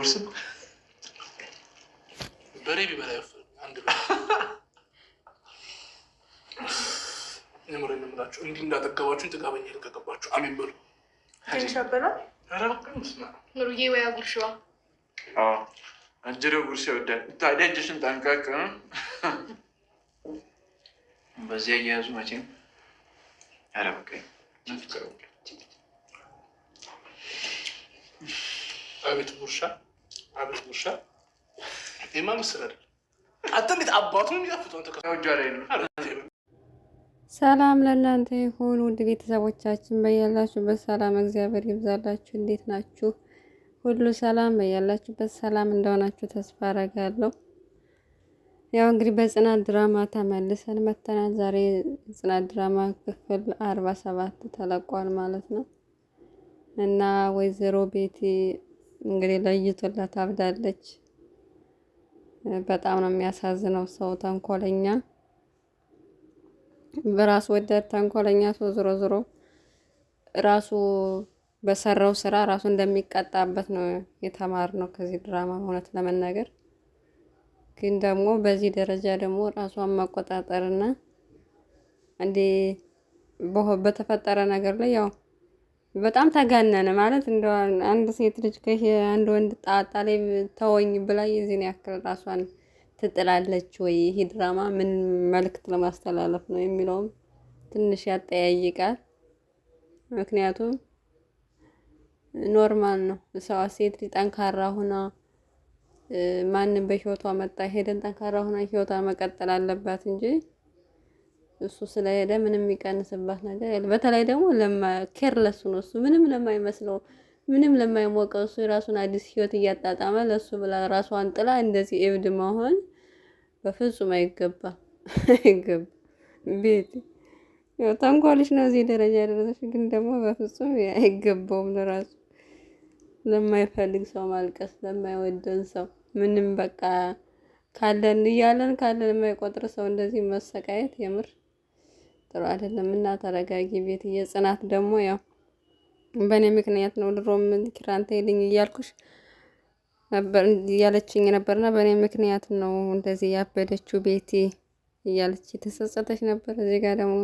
ወርስም በሬ ቢበላ ይወፍራል። አንድ ምር እንምላችሁ እንዲህ እንዳጠገባችሁን ጥጋበኛ ይልቀቅባችሁ። አሜን በሉ። ምሩዬ ወይ አጉርሽዋ አጀሬው ጉርሻ ይወዳል። ታዲያ እጅሽን ጠንቀቅ። በዚህ አያያዙ መቼም ያረበቀኝ አቤት ጉርሻ አቤት ሙሻ ይማ ምስል አይደል? አንተ እንዴት አባቱ የሚያፍተውን ተከታዮጃ ላይ ነው። ሰላም ለእናንተ ይሁን ውድ ቤተሰቦቻችን፣ በያላችሁበት ሰላም እግዚአብሔር ይብዛላችሁ። እንዴት ናችሁ? ሁሉ ሰላም በያላችሁበት ሰላም እንደሆናችሁ ተስፋ አረጋለሁ። ያው እንግዲህ በጽናት ድራማ ተመልሰን መተናል። ዛሬ ጽናት ድራማ ክፍል አርባ ሰባት ተለቋል ማለት ነው እና ወይዘሮ ቤቴ እንግዲህ ለይቶላት አብዳለች። በጣም ነው የሚያሳዝነው። ሰው ተንኮለኛ፣ በራስ ወዳድ ተንኮለኛ ሰው ዝሮ ዝሮ ራሱ በሰራው ስራ ራሱ እንደሚቀጣበት ነው የተማርነው ከዚህ ድራማ። እውነት ለመናገር ግን ደግሞ በዚህ ደረጃ ደግሞ ራሷን መቆጣጠርና እንዴ በተፈጠረ ነገር ላይ ያው በጣም ተጋነነ ማለት እንደ አንድ ሴት ልጅ አንድ ወንድ ጣጣ ላይ ተወኝ ብላ የዚህን ያክል ራሷን ትጥላለች ወይ? ይሄ ድራማ ምን መልእክት ለማስተላለፍ ነው የሚለውም ትንሽ ያጠያይቃል። ምክንያቱም ኖርማል ነው ሰው ሴት ልጅ ጠንካራ ሁና ማንም በህይወቷ መጣ ሄደን ጠንካራ ሁና ህይወቷ መቀጠል አለባት እንጂ እሱ ስለሄደ ምንም የሚቀንስባት ነገር የለ። በተለይ ደግሞ ኬርለሱ ነው እሱ ምንም ለማይመስለው ምንም ለማይሞቀው እሱ የራሱን አዲስ ህይወት እያጣጣመ ለእሱ ብላ ራሷን ጥላ እንደዚህ እብድ መሆን በፍጹም አይገባም አይገባም። ቤት ተንኮልሽ ነው እዚህ ደረጃ ያደረሰሽ፣ ግን ደግሞ በፍጹም አይገባውም። ለራሱ ለማይፈልግ ሰው ማልቀስ፣ ለማይወደን ሰው ምንም በቃ ካለን እያለን ካለን የማይቆጥር ሰው እንደዚህ መሰቃየት የምር ጥሩ አይደለም እና ተረጋጊ። ቤት እየጽናት ደግሞ ያው በእኔ ምክንያት ነው ድሮም ኪራንተ ሄድኝ እያልኩሽ እያለችኝ ነበርና በእኔ ምክንያት ነው እንደዚህ ያበደችው ቤቲ እያለች የተጸጸተች ነበር። እዚህ ጋር ደግሞ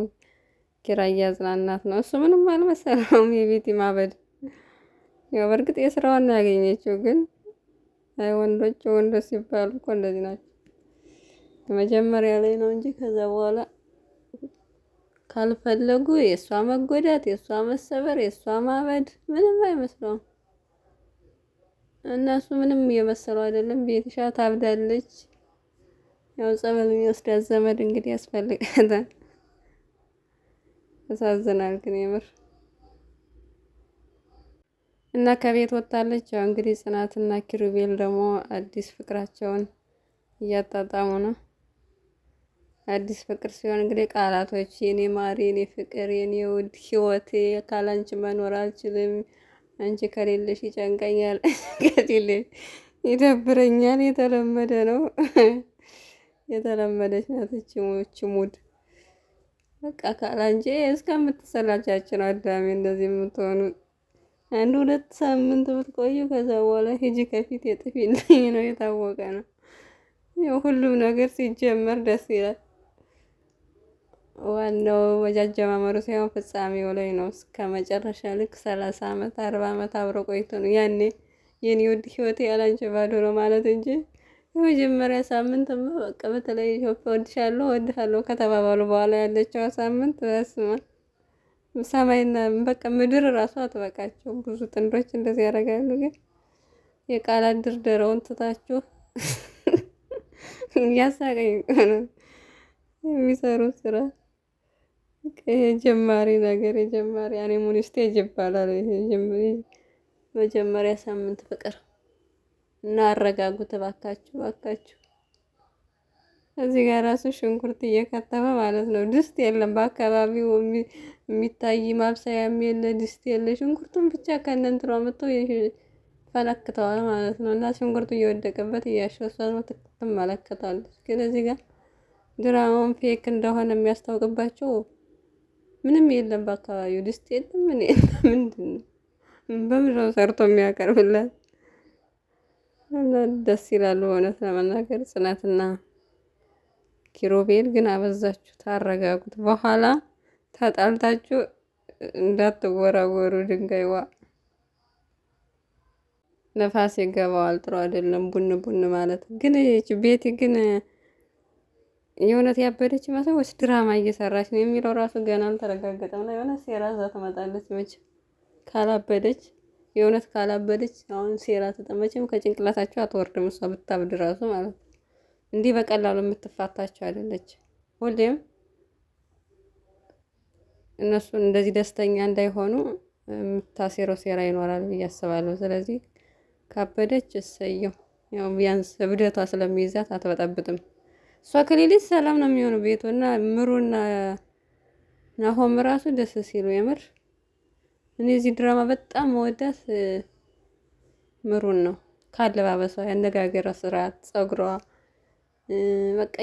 ኪራ እያጽናናት ነው። እሱ ምንም አልመሰለውም የቤቲ ማበድ። ያው በእርግጥ የስራዋን ያገኘችው ግን ወንዶች ወንዶች ሲባሉ እኮ እንደዚህ ናቸው። መጀመሪያ ላይ ነው እንጂ ከዛ በኋላ ካልፈለጉ የእሷ መጎዳት፣ የእሷ መሰበር፣ የእሷ ማበድ ምንም አይመስለውም። እነሱ ምንም እየመሰሉ አይደለም። ቤትሻ ታብዳለች። ያው ጸበል የሚወስድ ዘመድ እንግዲህ ያስፈልጋታል። ያሳዝናል ግን የምር እና ከቤት ወጣለች። ያው እንግዲህ ጽናትና ኪሩቤል ደግሞ አዲስ ፍቅራቸውን እያጣጣሙ ነው። አዲስ ፍቅር ሲሆን እንግዲህ ቃላቶች የኔ ማሪ፣ የኔ ፍቅር፣ የኔ ውድ ህይወቴ፣ ካላንቺ መኖር አልችልም፣ አንቺ ከሌለሽ ይጨንቀኛል፣ ከሌለ ይደብረኛል። የተለመደ ነው፣ የተለመደች ናት ይህች ሙድ። በቃ ካላንቺ እስከምትሰላቻችን አዳሜ እንደዚህ የምትሆኑ አንድ ሁለት ሳምንት ብትቆዩ ከዛ በኋላ ሂጂ ከፊት የጥፊልኝ ነው፣ የታወቀ ነው። ሁሉም ነገር ሲጀመር ደስ ይላል። ዋናው አጀማመሩ ሳይሆን ፍጻሜው ላይ ነው። እስከ መጨረሻ ልክ ሰላሳ አመት አርባ አመት አብሮ ቆይቶ ነው ያኔ የኔ ውድ ህይወት ያላንቺ ባዶ ነው ማለት እንጂ የመጀመሪያ ሳምንት በቃ በተለይ ኢትዮጵያ ወድሻለሁ ወድሃለሁ ከተባባሉ በኋላ ያለችው ሳምንት በስመ ሰማይና በቃ ምድር ራሱ አትበቃቸው። ብዙ ጥንዶች እንደዚህ ያደርጋሉ። ግን የቃላት ድርደረውን ትታችሁ እያሳቀኝ የሚሰሩት ስራ የጀማሪ ነገር የጀማሪ አኔሞኒ ስቴጅ ይባላል። መጀመሪያ ሳምንት ፍቅር እና አረጋጉ ተባካችሁ ባካችሁ። እዚህ ጋር ራሱ ሽንኩርት እየከተፈ ማለት ነው። ድስት የለም በአካባቢው የሚታይ ማብሰያም የለ ድስት የለ፣ ሽንኩርቱን ብቻ ከነንትሯ መጥቶ ፈለክተዋል ማለት ነው። እና ሽንኩርቱ እየወደቀበት እያሸሷ ትመለከታለች። ግን እዚህ ጋር ድራማውን ፌክ እንደሆነ የሚያስታውቅባቸው ምንም የለም በአካባቢው ድስት የለም ምን የለም ምንድን ነው በምድረው ሰርቶ የሚያቀርብላት እና ደስ ይላሉ እውነት ለመናገር ጽናትና ኪሮቤል ግን አበዛችሁ ታረጋጉት በኋላ ተጣልታችሁ እንዳትወራወሩ ድንጋይዋ ነፋስ ይገባዋል ጥሩ አይደለም ቡን ቡን ማለት ግን ቤቲ ግን የእውነት ያበደች ይመስል ወይስ ድራማ እየሰራች ነው የሚለው ራሱ ገና አልተረጋገጠም። እና የሆነ ሴራ እዛ ትመጣለች መች ካላበደች፣ የእውነት ካላበደች አሁን ሴራ ተጠመችም ከጭንቅላታቸው አትወርድም። እሷ ብታብድ ራሱ ማለት ነው እንዲህ በቀላሉ የምትፋታቸው አይደለች። ሁሌም እነሱ እንደዚህ ደስተኛ እንዳይሆኑ የምታሴረው ሴራ ይኖራል ብዬ አስባለሁ። ስለዚህ ካበደች እሰየው፣ ያው ቢያንስ እብደቷ ስለሚይዛት አትበጠብጥም። እሷ ከሌለች ሰላም ነው የሚሆነው ቤቱ እና ምሩና ናሆም ራሱ ደስ ሲሉ የምር እኔ እዚህ ድራማ በጣም መወዳት ምሩን ነው። ካለባበሷ፣ ያነጋገሯ፣ ስርዓት፣ ጸጉሯ በቃ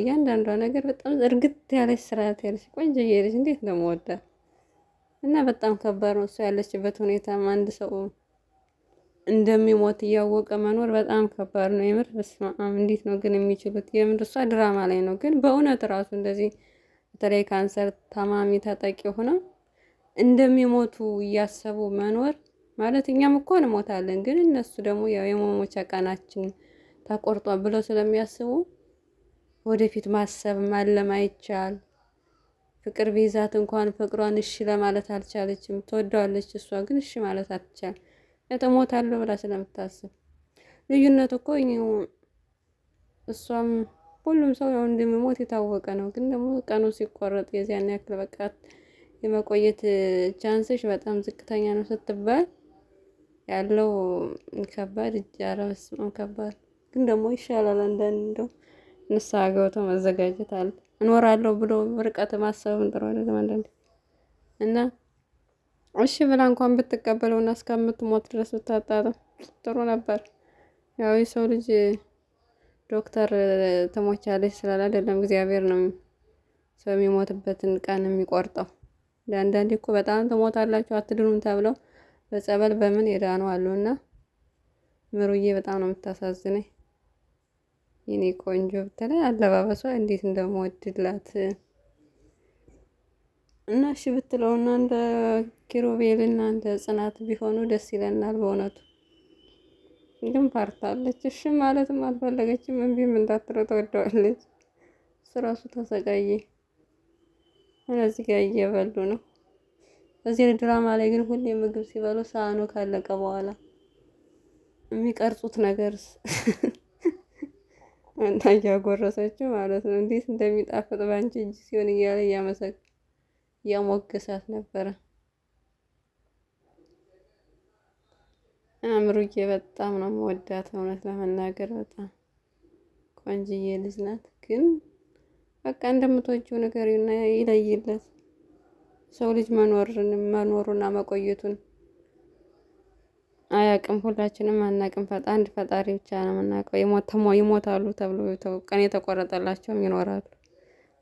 እያንዳንዷ ነገር በጣም እርግት ያለች ስርዓት ያለች ቆንጆ እየሄደች እንዴት ነው መወዳት እና በጣም ከባድ ነው እሷ ያለችበት ሁኔታም አንድ ሰው እንደሚሞት እያወቀ መኖር በጣም ከባድ ነው። የምር በስመ አብ እንዴት ነው ግን የሚችሉት? የምር እሷ ድራማ ላይ ነው፣ ግን በእውነት ራሱ እንደዚህ በተለይ ካንሰር ታማሚ ተጠቂ ሆነ እንደሚሞቱ እያሰቡ መኖር ማለት እኛም እኮ እንሞታለን፣ ግን እነሱ ደግሞ ያው የመሞቻ ቀናችን ተቆርጧል ብለው ስለሚያስቡ ወደፊት ማሰብ ማለም አይቻል። ፍቅር ቤዛት እንኳን ፍቅሯን እሺ ለማለት አልቻለችም። ትወደዋለች እሷ ግን እሺ ማለት አትቻል እሞታለሁ ብላ ስለምታስብ ልዩነት እኮ እሷም ሁሉም ሰው ያው እንደሚሞት የታወቀ ነው። ግን ደግሞ ቀኑ ሲቆረጥ የዚያን ያክል በቃት የመቆየት ቻንስሽ በጣም ዝቅተኛ ነው ስትባል ያለው ከባድ እጃረስ ከባድ ግን ደግሞ ይሻላል። አንዳንድ እንደው ንስሐ ገብቶ መዘጋጀት አለ። እኖራለሁ ብሎ ርቀት ማሰብን ጥሩ አይደለም አንዳንዴ እና እሺ ብላ እንኳን እና እስከምትሞት ድረስ ብታጣጥም ጥሩ ነበር። ያው የሰው ልጅ ዶክተር ትሞቻለች ስላለ አይደለም፣ እግዚአብሔር ነው ሰው የሚሞትበትን ቀን የሚቆርጠው። ለአንዳንዴ እኮ በጣም ትሞታላችሁ አትድኑም ተብለው በጸበል በምን የዳኑ አሉ። እና ምሩዬ በጣም ነው የምታሳዝነኝ የኔ ቆንጆ። በተለይ አለባበሷ እንዴት እንደምወድላት እና እሺ ብትለው እና እንደ ኪሩቤል እና እንደ ጽናት ቢሆኑ ደስ ይለናል በእውነቱ። ግን ፓርታለች እሺ ማለትም አልፈለገችም። እምቢም እንዳትለው ተወደዋለች። ስራሱ ተሰቃየ። እነዚህ ጋር እየበሉ ነው። እዚህ ድራማ ላይ ግን ሁሌ ምግብ ሲበሉ ሳህኑ ካለቀ በኋላ የሚቀርጹት ነገርስ እና እያጎረሰችው ማለት ነው እንዴት እንደሚጣፍጥ ባንቺ እጅ ሲሆን እያለ እያመሰግ ያሞገሳት ነበረ። አምሩዬ በጣም ነው የምወዳት። እውነት ለመናገር በጣም ቆንጅዬ ልጅ ናት። ግን በቃ እንደምትወጂው ነገር ይለይለት። ሰው ልጅ መኖርን መኖሩና መቆየቱን አያቅም። ሁላችንም አናቅም። አንድ ፈጣሪ ብቻ ነው የምናውቀው። ይሞታሉ ተብሎ ቀን የተቆረጠላቸውም ይኖራሉ።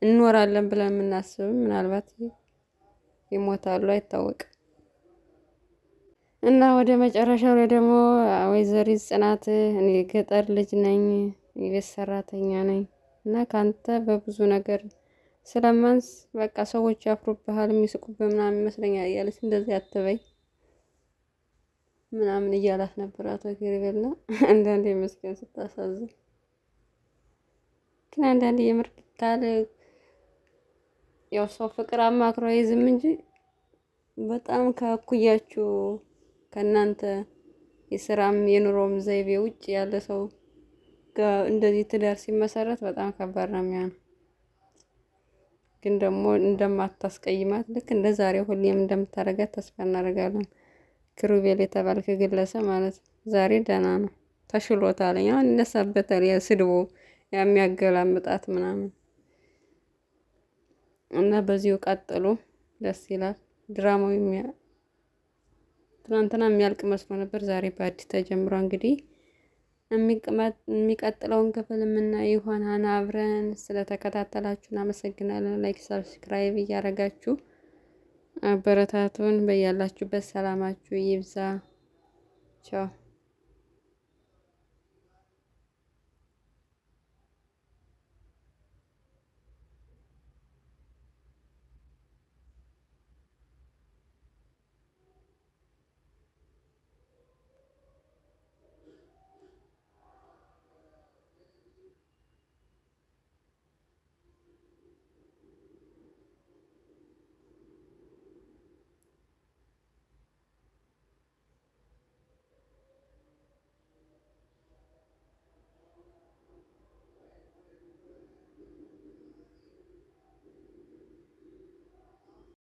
እንኖራለን ብለን የምናስብም ምናልባት ይሞታሉ አይታወቅም። እና ወደ መጨረሻው ላይ ደግሞ ወይዘሪት ጽናት እኔ ገጠር ልጅ ነኝ፣ የቤት ሰራተኛ ነኝ እና ከአንተ በብዙ ነገር ስለማንስ በቃ ሰዎች ያፍሩብሃል፣ የሚስቁብህ ምናምን ይመስለኛል እያለች እንደዚህ አትበይ ምናምን እያላት ነበር አቶ ኪሪቤልና አንዳንዴ መስገን ስታሳዝን ግን አንዳንዴ የምር ካል ያው ሰው ፍቅር አማክሮ አይዝም እንጂ በጣም ከእኩያችሁ ከእናንተ የስራም የኑሮም ዘይቤ ውጭ ያለ ሰው እንደዚህ ትዳር ሲመሰረት በጣም ከባድ ነው የሚሆነው። ግን ደግሞ እንደማታስቀይማት ልክ እንደ ዛሬ ሁሌም እንደምታደርጋት ተስፋ እናደርጋለን። ክሩቤል የተባልክ ግለሰብ ማለት ዛሬ ደህና ነው ተሽሎታል። ያው ይነሳበታል ስድቦ ያሚያገላምጣት ምናምን እና በዚሁ ቀጥሉ። ደስ ይላል ድራማው። ትናንትና የሚያልቅ መስሎ ነበር፣ ዛሬ በአዲስ ተጀምሮ እንግዲህ የሚቀጥለውን ክፍል የምናየው ይሆናል። አብረን ስለተከታተላችሁ እናመሰግናለን። ላይክ፣ ሰብስክራይብ እያደረጋችሁ አበረታቱን። በያላችሁበት ሰላማችሁ ይብዛ። ቻው